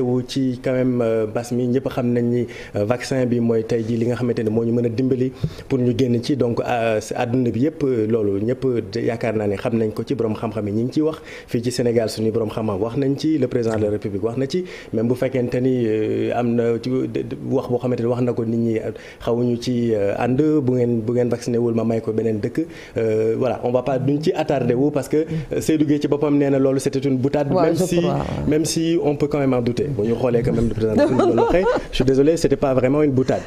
orienté wu ci quand même euh, mbas mi ñëpp xam nañ ni euh, vaccin bi mooy tey jii li nga xamante moo ñu mën a dimbali pour ñu génn ci donc euh, àdduna bi yëpp loolu ñëpp yaakaar naa ni xam nañ ko ci borom xam-xam yi ñu ngi ciy wax fii ci Sénégal suñu borom xam-xam wax nañ ci le président de la République wax na ci même bu fekkente ni am na wax boo xamante ni wax na ko nit ñi xawuñu ci ànd bu ngeen bu ngeen vacciné wul ma may ko beneen dëkk voilà on va pas duñ ci attardé wu parce que Seydou Gueye ci réalité bu ñu xoolee quand même le président de waxee je suis désolé c'était pas vraiment une boutade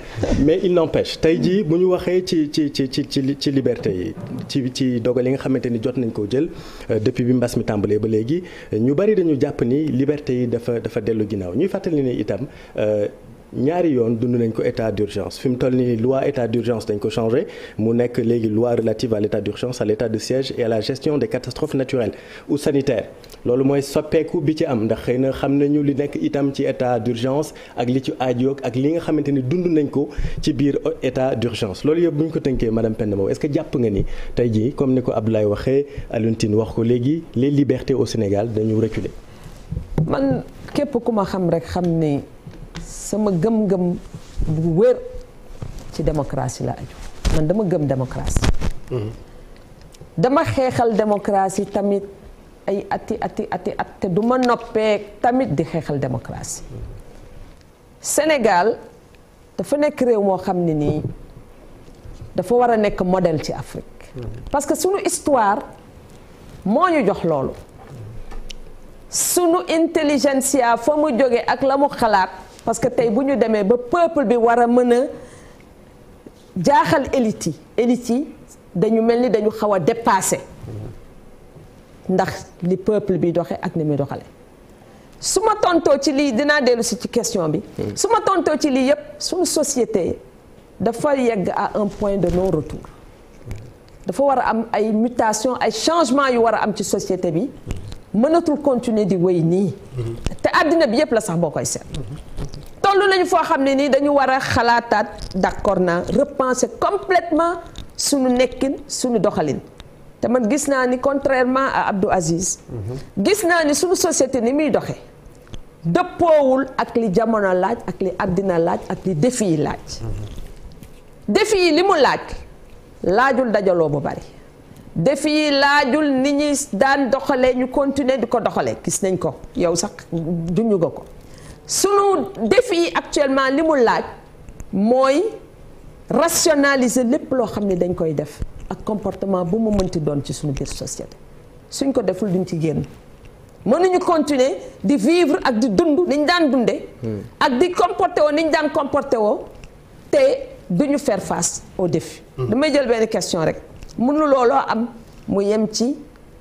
mais il n'empêche tey jii bu ñu waxee ci ci ci ci ci ci liberté yi ci ci dogal yi nga xamante ni jot nañ koo jël euh, depuis bi mbas mi tàmbalee ba léegi ñu bari dañu jàpp ni liberté yi dafa dafa dellu ginnaaw ñuy fàttali ni itam euh, ñaari yoon dund nañ ko état d'urgence fi mu toll nii loi état d'urgence dañ ko changé mu nekk léegi loi relative à l'état d'urgence à l'état de siège et à la gestion des catastrophes naturelles ou sanitaires loolu mooy soppeeku bi ci am ndax xam nañu li nekk itam ci état d'urgence ak li ci aajoog ak li nga xamante ni dund nañ ko ci biir état d'urgence loolu yëpp bu ñu ko tënkee madame Penda Mbow est-ce que jàpp nga ni tey jii comme ni ko Abdoulaye waxee Alioune Tine wax ko léegi les libertés au Sénégal dañu reculer man képp ku ma sama gëm-gëm bu wér ci démocratie la aju man dama gëm démocratie mhm. dama xeexal démocratie tamit ay ati ati ati at te du ma noppee tamit di xeexal démocratie Sénégal dafa nekk réew moo xam ne nii dafa war a nekk model ci Afrique mhm. parce que sunu histoire moo ñu jox loolu sunu intelligentsia fa mu jóge ak la mu xalaat parce que tey bu ñu demee ba peuple bi war a mën a jaaxal élite yi élite yi dañu mel ni dañu xaw a dépassé ndax li peuple bi doxe ak ni muy doxale su ma tontoo ci lii dinaa dellu si ci question bi hmm. su ma tontoo ci lii yëpp suñu société dafa yegg à un point de non retour dafa war a am ay mutation ay changement yu war a am ci société bi mënatul continuer di wéy nii mhm. te àddina bi yëpp la sax boo koy seet toll nañu foo xam ne nii dañu war a xalaataat d'accord naa repenser complètement suñu nekkin suñu doxalin te man gis naa ni contrairement à Abdou Aziz mhm. gis naa ni suñu société ni muy doxee dëppoowul ak li jamono laaj ak li àddina laaj ak li défi yi laaj mhm. défi yi li mu laaj laajul dajaloo bu bari defi yi laajul ni ñuy daan doxalee ñu continuer di ko doxalee gis nañ ko yow sax duñu ko ko sunu defi yi actuellement li mu laaj mooy rationaliser lépp loo xam ne dañ koy def ak comportement bu mu mënti doon ci suñu biir société suñ ko deful duñ ci génn mënuñu continuer di vivre ak di dund niñ daan dunde hmm. ak di comporté woo niñ daan comporté woo te duñu faire face au défi hmm. damay jël benn question rek mënu looloo am mu yem ci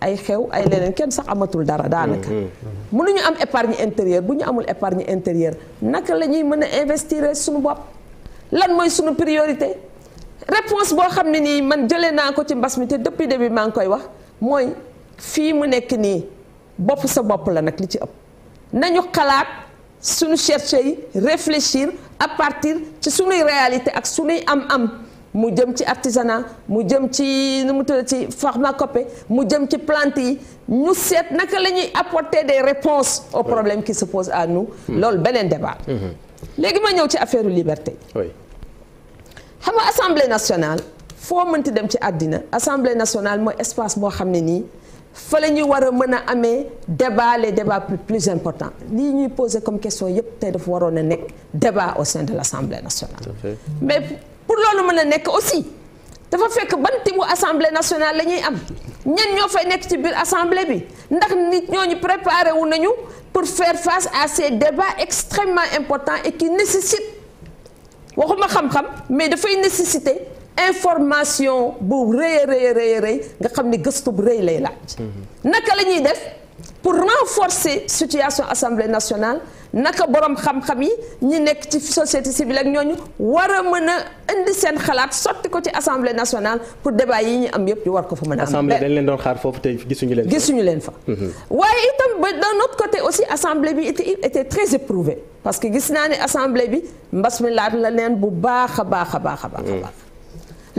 ay xew ay leneen kenn sax amatul dara daanaka. Mm-hmm. mënuñu am épargne intérieure bu ñu amul épargne intérieure naka la ñuy mën a investir suñu bopp lan mooy sunu priorité réponse boo xam ne nii man jëlee naa ko ci mbas mi te depuis début maa ngi koy wax mooy fii mu nekk nii bopp sa bopp la nag li ci ëpp nañu xalaat. suñu cherché yi réfléchir à partir ci suñuy réalité ak suñuy am-am mu jëm ci artisanat mu jëm ci nu mu tudd ci pharmacopée mu jëm ci plante yi ñu seet naka la ñuy apporter des réponses aux problèmes qui se posent à nous. Hmm. loolu beneen débat. Hmm. léegi ma ñëw ci affaire liberté. oui xam nga assemblée nationale foo mënti dem ci àddina assemblée nationale moo espace boo xam ne nii. fa la ñuy war a mën a amee débat les débats plus plus importants lii ñuy poser comme question yépp tey dafa waroon a nekk débat au sein de l'Assemblée nationale. pour loolu mën a nekk aussi dafa fekk ban timu assemblée nationale la ñuy am ñan ñoo fay nekk ci biir assemblée bi ndax nit ñooñu préparé wu nañu pour faire face à ces débats extrêmement important et qui nécessitent waxuma xam-xam mais dafay nécessiter information bu rëy rëy rëy nga xam ni gëstu bu rëy lay laaj. Mm-hmm. naka la ñuy def. pour renforcer situation assemblée nationale naka borom xam-xam yi ñi nekk ci société civile ak ñooñu war a mën a indi seen xalaat sotti ko ci assemblée nationale pour débat yi ñu am yëpp ñu war ko fa mën a am. assemblée dañ leen doon xaar foofu te gisuñu leen. gisuñu leen fa. Mhm. waaye itam ba d'un autre côté aussi assemblée bi était était très éprouvée parce que gis naa ne assemblée bi mbas mi laat la leen bu baax a baax a baax a mhm. baax.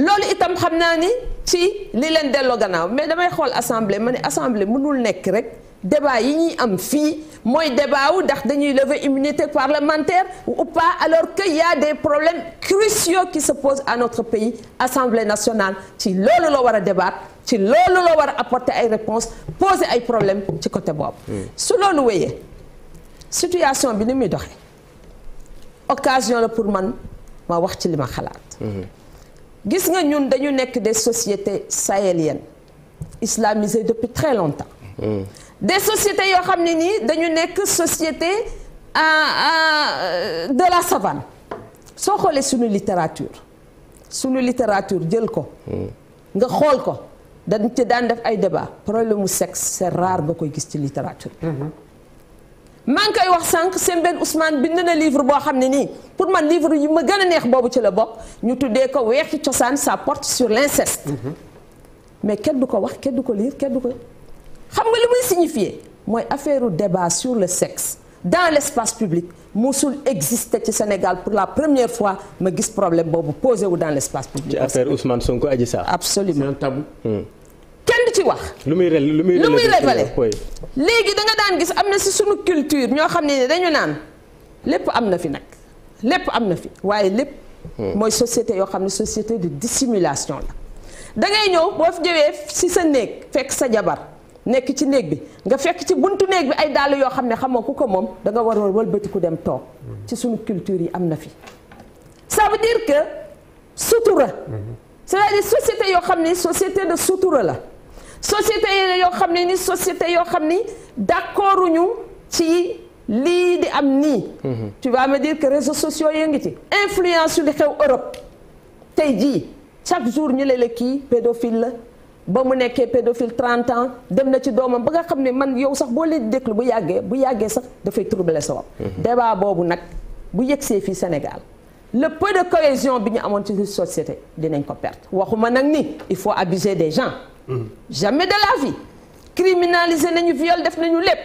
loolu itam xam naa ni ci li leen delloo gannaaw mais damay xool assemblée ma ne assemblée mënul nekk rek. débat yi ñuy am fii mooy débat wu ndax dañuy lever immunité parlementaire ou pas alors que y a problème problèmes cruciaux qui se posent à notre pays assemblée nationale ci loolu la war a débattre ci loolu la war a apporter ay réponses poser ay problèmes ci côté boobu. Hmm. su loolu wéyee situation bi ni muy doxee occasion la pour man ma wax ci li ma xalaat. Hmm. gis nga ñun dañu nekk des sociétés sahéliennes islamisées depuis très longtemps. des sociétés yoo xam ne nii dañu nekk société euh, euh, de la savane soo xoolee suñu littérature suñu littérature jël ko nga xool ko dañ ci daan def ay débat problème mu sexe c'est rare nga koy gis ci littérature maa ngi koy wax sànq Sembène Ousmane bind na livre boo xam ne nii pour man livre yi ma gën a neex boobu ci la bokk ñu tuddee ko weexi cosaan ça porte sur l'inceste mhm. mais kenn du ko wax kenn ko lire kenn ko xam nga li muy signifier mooy affaire débat sur le sexe dans l'espace public musul exister ci Sénégal pour la première fois ma gis problème boobu posé wu dans l'espace public. ci affaire Ousmane Sonko Adji Sarr. absolument c'est un tabou. Hmm. kenn du ci wax. lu muy rel lu muy révélé léegi da daan gis am na si sunu culture ñoo xam ne dañu naan lépp am na fi nag lépp am na fi waaye lépp. Hmm. mooy société yoo xam ne société de dissimulation la. da ngay ñëw boo fi ñëwee si sa néeg fekk sa jabar. nekk ci néeg bi nga fekk ci buntu néeg bi ay dàll yoo xam ne xamoo ku ko moom danga nga war a wëlbatiku dem toog ci suñu culture yi am na fi ça veut dire que sutura cest à société yoo xam ni société de sutura la société yoo xam ne ni société yoo xam ni d'accorduñu ci lii di am nii mhm. tu vas me que réseau sociaux yoo ngi ci influence yu li xew Europe tey jii chaque jour ñu ne la kii pédophile la ba mu nekkee pédophile 30 ans dem na ci doomam ba nga xam ne man yow sax boo leen déglu bu yàggee bu yàggee sax dafay troubler sa bopp. Mhm. débat boobu nag bu yegsee fii Sénégal le peu de cohésion bi ñu amoon ci société dinañ ko perte waxuma nag ni il faut abuser des gens. Mhm. jamais de la vie. criminaliser nañu viol def nañu lépp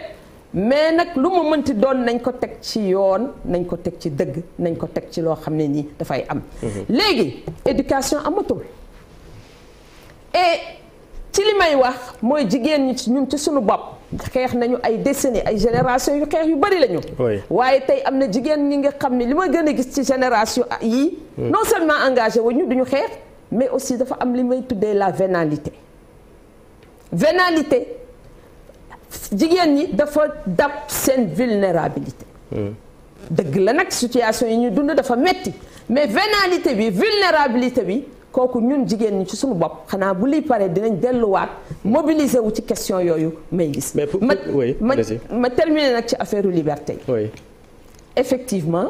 mais nag lu mu mënti doon nañ ko teg ci yoon nañ ko teg ci dëgg nañ ko teg ci loo xam ne nii dafay am. Mhm. léegi éducation amatul ci li may wax mooy jigéen ñi ci ñun ci suñu bopp xeex nañu ay décennies ay génération yu xeex yu bari lañu waaye tey am na jigéen ñi nga xam ne li ma gën a gis ci génération yii hmm. non seulement engagé wuñu duñu xeex mais aussi dafa am li may tuddee la vénalité vénalité jigéen ñi dafa dab seen vulnérabilité hmm. dëgg la nag situation yi ñu dund dafa metti mais vénalité bi vulnérabilité bi kooku ñun jigéen ñi ci suñu bopp xanaa bu liy paree dinañ delluwaat mobiliser wu ci question yooyu may gis. ma ma ma terminer nag ci affaire liberté yi. effectivement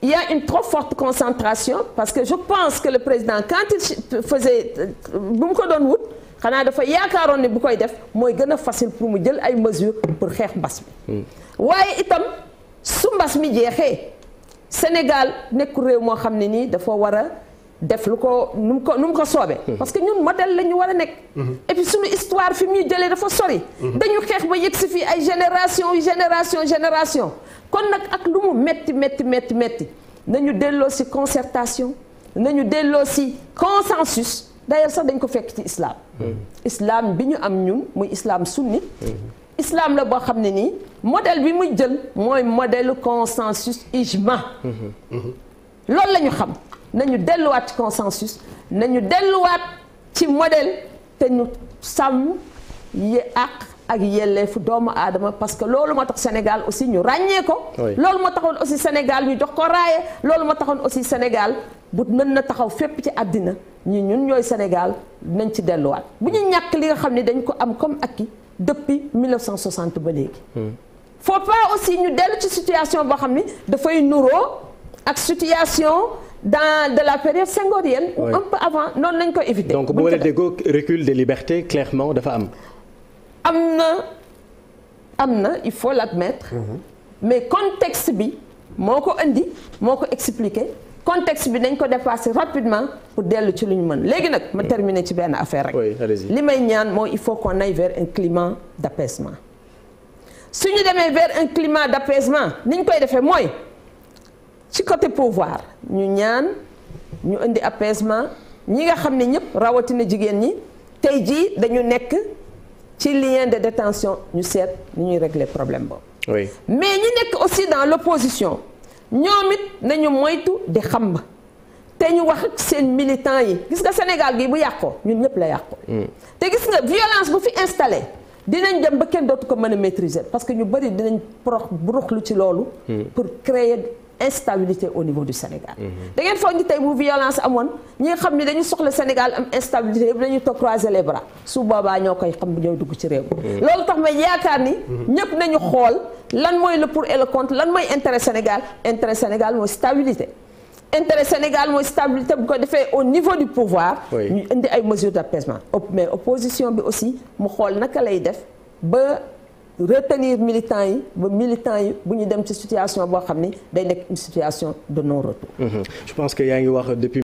il une trop forte concentration parce que je pense que le président quand il faisait bu mu ko doon wut xanaa dafa yaakaaroon ne bu koy def mooy gën a facile pour mu jël ay mesures pour xeex mbas mi. Hmm. waaye itam su mbas mi jeexee Sénégal nekk réew moo xam ne nii dafa war def lu ko nu mu ko nu mu ko soobee. Mhm. parce que ñun modèle la ñu war a nekk. Mhm. et puis suñu histoire fi muy jëlee dafa sori. Mhm. dañu xeex ba yëg si fii ay génération génération génération kon nag ak lu mu métti métti métti métti nañu delloo si concertation nañu delloo si consensus d'ailleurs sax dañ ko fekk ci islaam islaam bi ñu am ñun muy islaam sunni. islam la boo xam ne nii modèle bi muy jël mooy modèle consensus ijma. loolu la ñu xam. nañu delluwaat ci consensus nañu delluwaat ci model te ñu sàmm yi àq ak yelleefu doomu aadama parce que loolu moo tax Sénégal aussi ñu ràññee ko. loolu ma taxoon aussi Sénégal ñu jox ko raaye loolu moo taxoon aussi Sénégal bu mën na taxaw fépp ci àddina ñu ñun ñooy Sénégal nañ ci delluwaat bu ñu ñàkk li nga xam ne dañ ko am comme acquis depuis 1960 ba léegi. Hmm. faut pas aussi ñu dellu ci situation boo xam ni dafay nuroo ak situation. dans de la période senghorienne ou un avant noonu lañ ko éviter. donc boo leen déggoo recul des libertés clairement dafa am. am na am na il faut l'admettre. Mhm. mais contexte bi moo ko indi moo ko expliqué contexte bi dañ ko dépassé rapidement pour dellu ci lu ñu mën léegi nag ma terminer ci benn affaire rek. li may ñaan mooy il faut qu'on aille vers un climat d'apaisement su ñu demee vers un climat d'apaisement ni ñu koy defee mooy. ci côté pouvoir ñu ñaan ñu indi apaisement ñi nga xam ne ñëpp rawatina jigéen ñi tey jii dañu nekk ci lien de détention ñu seet ñu ñuy régler problème boobu. mais ñi nekk aussi dans l'opposition ñoom it nañu moytu di xam te ñu wax ak seen militants yi gis nga Sénégal gi bu yàqoo ñun ñëpp la yàqoo. Mm. te gis nga violence bu fi installé. dinañ dem ba kenn dootu ko mën a maîtriser parce que ñu bari dinañ prox buruxlu ci loolu. Mm. pour créer. instabilité au niveau du Sénégal. da ngeen foog tey bu violence amoon ñi nga xam ne dañu soxla Sénégal am instabilité yëpp dañu toog croiser les bras su boobaa ñoo koy xam ñooy dugg ci réew mi. Mm-hmm. loolu tax ma yaakaar ni. ñëpp nañu xool lan mooy le pour et lan mooy intérêt Sénégal intérêt Sénégal mooy stabilité. intérêt Sénégal mooy stabilité bu ko defee au niveau du pouvoir. ñu indi ay mesures d'apaisement mais opposition bi aussi mu xool naka lay def ba. retenir militants yi ba militants yi bu ñu dem ci situation boo xam ni day nekk situation de non retour. Mhm. je pense que yaa ngi depuis.